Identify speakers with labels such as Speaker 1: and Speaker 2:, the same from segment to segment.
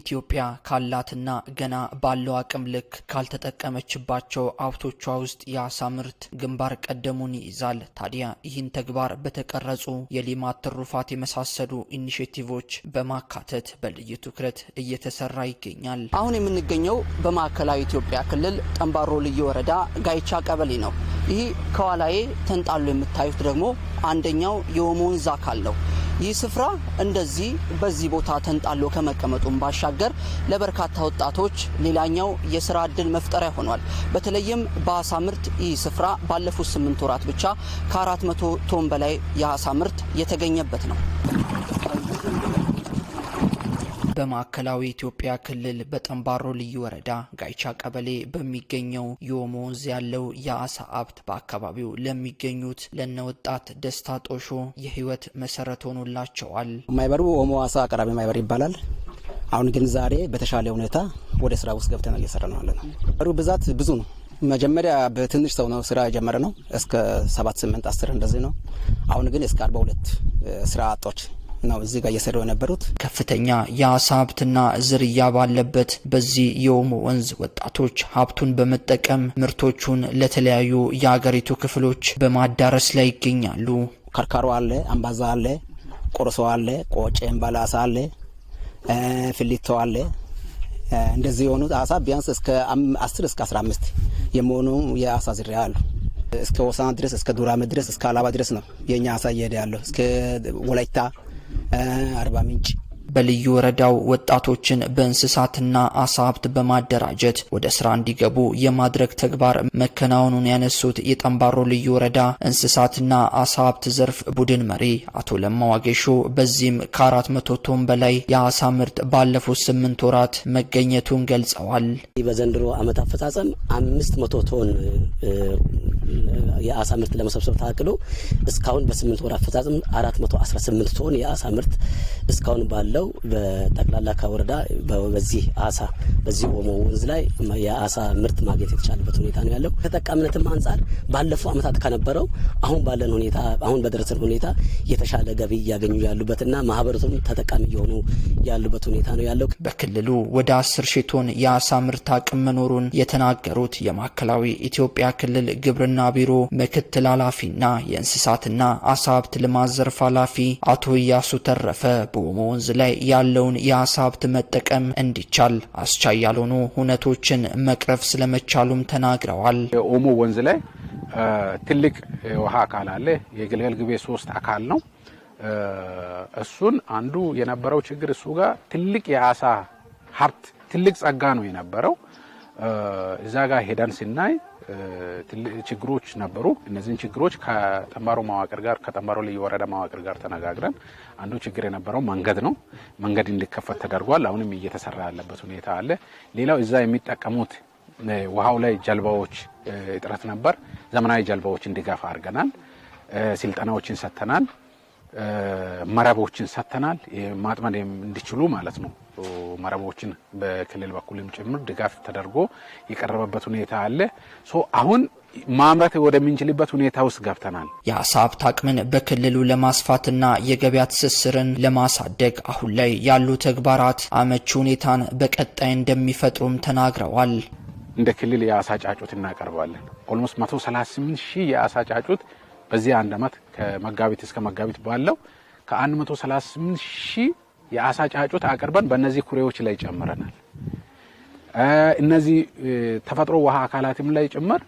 Speaker 1: ኢትዮጵያ ካላትና ገና ባለው አቅም ልክ ካልተጠቀመችባቸው ሀብቶቿ ውስጥ የአሳ ምርት ግንባር ቀደሙን ይይዛል። ታዲያ ይህን ተግባር በተቀረጹ የሊማት ትሩፋት የመሳሰሉ ኢኒሽቲቮች በማካተት በልዩ ትኩረት እየተሰራ ይገኛል።
Speaker 2: አሁን የምንገኘው በማዕከላዊ ኢትዮጵያ ክልል ጠንባሮ ልዩ ወረዳ ጋይቻ ቀበሌ ነው። ይህ ከኋላዬ ተንጣሎ የምታዩት ደግሞ አንደኛው የኦሞ ወንዝ አካል ነው። ይህ ስፍራ እንደዚህ በዚህ ቦታ ተንጣሎ ከመቀመጡም ባሻገር ለበርካታ ወጣቶች ሌላኛው የስራ እድል መፍጠሪያ ሆኗል። በተለይም በአሳ ምርት ይህ ስፍራ ባለፉት ስምንት ወራት ብቻ ከአራት መቶ ቶን በላይ የአሳ ምርት የተገኘበት ነው።
Speaker 1: በማዕከላዊ ኢትዮጵያ ክልል በጠንባሮ ልዩ ወረዳ ጋይቻ ቀበሌ በሚገኘው ዮሞ ወንዝ ያለው የአሳ ሀብት በአካባቢው ለሚገኙት ለነወጣት ደስታ ጦሾ የህይወት መሰረት ሆኖላቸዋል።
Speaker 3: ማይበሩ ኦሞ አሳ አቅራቢ ማይበር ይባላል። አሁን ግን ዛሬ በተሻለ ሁኔታ ወደ ስራ ውስጥ ገብተናል፣ እየሰራ ነው ያለ ነው። ብዛት ብዙ ነው። መጀመሪያ በትንሽ ሰው ነው ስራ የጀመረ ነው። እስከ ሰባት ስምንት አስር እንደዚህ ነው። አሁን ግን እስከ አርባ ሁለት ስራ አጦች ነው እዚህ ጋር እየሰሩ የነበሩት።
Speaker 1: ከፍተኛ የአሳ ሀብትና ዝርያ ባለበት በዚህ የኦሞ ወንዝ ወጣቶች ሀብቱን በመጠቀም ምርቶቹን ለተለያዩ የአገሪቱ ክፍሎች በማዳረስ ላይ ይገኛሉ። ከርካሮ አለ፣ አምባዛ አለ፣ ቆርሶ አለ፣ ቆጬ እምባላሳ አለ፣ ፍሊቶ አለ። እንደዚህ የሆኑት አሳ ቢያንስ እስከ አስር እስከ አስራ አምስት የመሆኑ የአሳ ዝርያ አሉ። እስከ ወሳና ድረስ እስከ ዱራሜ ድረስ እስከ አላባ ድረስ ነው የእኛ አሳ እየሄደ ያለው እስከ ወላይታ አርባ ምንጭ በልዩ ወረዳው ወጣቶችን በእንስሳትና አሳ ሀብት በማደራጀት ወደ ስራ እንዲገቡ የማድረግ ተግባር መከናወኑን ያነሱት የጠምባሮ ልዩ ወረዳ እንስሳትና አሳ ሀብት ዘርፍ ቡድን መሪ አቶ ለማዋጌሹ በዚህም ከአራት መቶ ቶን በላይ የአሳ ምርት ባለፉት ስምንት ወራት መገኘቱን ገልጸዋል።
Speaker 4: በዘንድሮ ዓመት አፈጻጸም አምስት መቶ ቶን የአሳ ምርት ለመሰብሰብ ታቅዶ እስካሁን በስምንት ወር አፈጻጸም አራት መቶ አስራ ስምንት ቶን የአሳ ምርት እስካሁን ባለው ያለው በጠቅላላ ከወረዳ በዚህ አሳ በዚህ ኦሞ ወንዝ ላይ የአሳ ምርት ማግኘት የተቻለበት ሁኔታ ነው ያለው። ተጠቃሚነትም አንጻር ባለፈው ዓመታት ከነበረው አሁን ባለን ሁኔታ አሁን በደረሰን ሁኔታ የተሻለ ገቢ እያገኙ ያሉበትና ማህበረቱም ተጠቃሚ እየሆኑ ያሉበት ሁኔታ ነው ያለው።
Speaker 1: በክልሉ ወደ አስር ሺ ቶን የአሳ ምርት አቅም መኖሩን የተናገሩት የማዕከላዊ ኢትዮጵያ ክልል ግብርና ቢሮ ምክትል ኃላፊና የእንስሳትና አሳ ሀብት ልማት ዘርፍ ኃላፊ አቶ እያሱ ተረፈ በኦሞ ወንዝ ላይ ላይ ያለውን የአሳ ሀብት መጠቀም እንዲቻል አስቻይ ያልሆኑ ሁነቶችን መቅረፍ ስለመቻሉም ተናግረዋል።
Speaker 5: የኦሞ ወንዝ ላይ ትልቅ የውሃ አካል አለ። የግልገል ግቤ ሶስት አካል ነው። እሱን አንዱ የነበረው ችግር እሱ ጋር ትልቅ የአሳ ሀብት ትልቅ ጸጋ ነው የነበረው። እዛ ጋር ሄደን ስናይ ችግሮች ነበሩ። እነዚህን ችግሮች ከጠንባሮ መዋቅር ጋር ከጠንባሮ ልዩ ወረዳ መዋቅር ጋር ተነጋግረን አንዱ ችግር የነበረው መንገድ ነው። መንገድ እንዲከፈት ተደርጓል። አሁንም እየተሰራ ያለበት ሁኔታ አለ። ሌላው እዛ የሚጠቀሙት ውሃው ላይ ጀልባዎች እጥረት ነበር። ዘመናዊ ጀልባዎችን ድጋፍ አድርገናል። ስልጠናዎችን ሰጥተናል። መረቦችን ሰጥተናል። ማጥመድ እንዲችሉ ማለት ነው። መረቦችን በክልል በኩልም ጭምር ድጋፍ ተደርጎ የቀረበበት ሁኔታ አለ። አሁን ማምረት ወደምንችልበት ሁኔታ ውስጥ ገብተናል።
Speaker 1: የአሳ ሀብት አቅምን በክልሉ ለማስፋትና የገበያ ትስስርን ለማሳደግ አሁን ላይ ያሉ ተግባራት አመቺ ሁኔታን በቀጣይ እንደሚፈጥሩም ተናግረዋል።
Speaker 5: እንደ ክልል የአሳ ጫጩት እናቀርባለን። ኦልሞስት 138 ሺህ የአሳ ጫጩት በዚህ አንድ ዓመት ከመጋቢት እስከ መጋቢት ባለው ከ138 ሺህ የአሳ ጫጩት አቅርበን በእነዚህ ኩሬዎች ላይ ጨምረናል። እነዚህ ተፈጥሮ ውሃ አካላትም ላይ ጭምር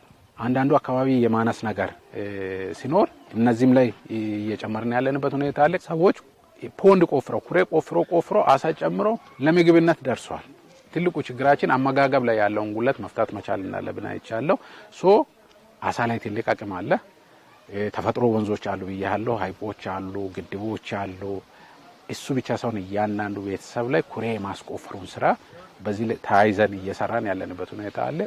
Speaker 5: አንዳንዱ አካባቢ የማነስ ነገር ሲኖር እነዚህም ላይ እየጨመርን ያለንበት ሁኔታ አለ። ሰዎች ፖንድ ቆፍሮ ኩሬ ቆፍሮ ቆፍሮ አሳ ጨምሮ ለምግብነት ደርሷል። ትልቁ ችግራችን አመጋገብ ላይ ያለውን ጉለት መፍታት መቻል እንዳለብን አይቻለሁ። ሶ አሳ ላይ ትልቅ አቅም አለ። ተፈጥሮ ወንዞች አሉ ብያለሁ፣ ሀይቆች አሉ፣ ግድቦች አሉ። እሱ ብቻ ሳይሆን እያንዳንዱ ቤተሰብ ላይ ኩሬ የማስቆፈሩን ስራ በዚህ ተያይዘን እየሰራን ያለንበት ሁኔታ አለ።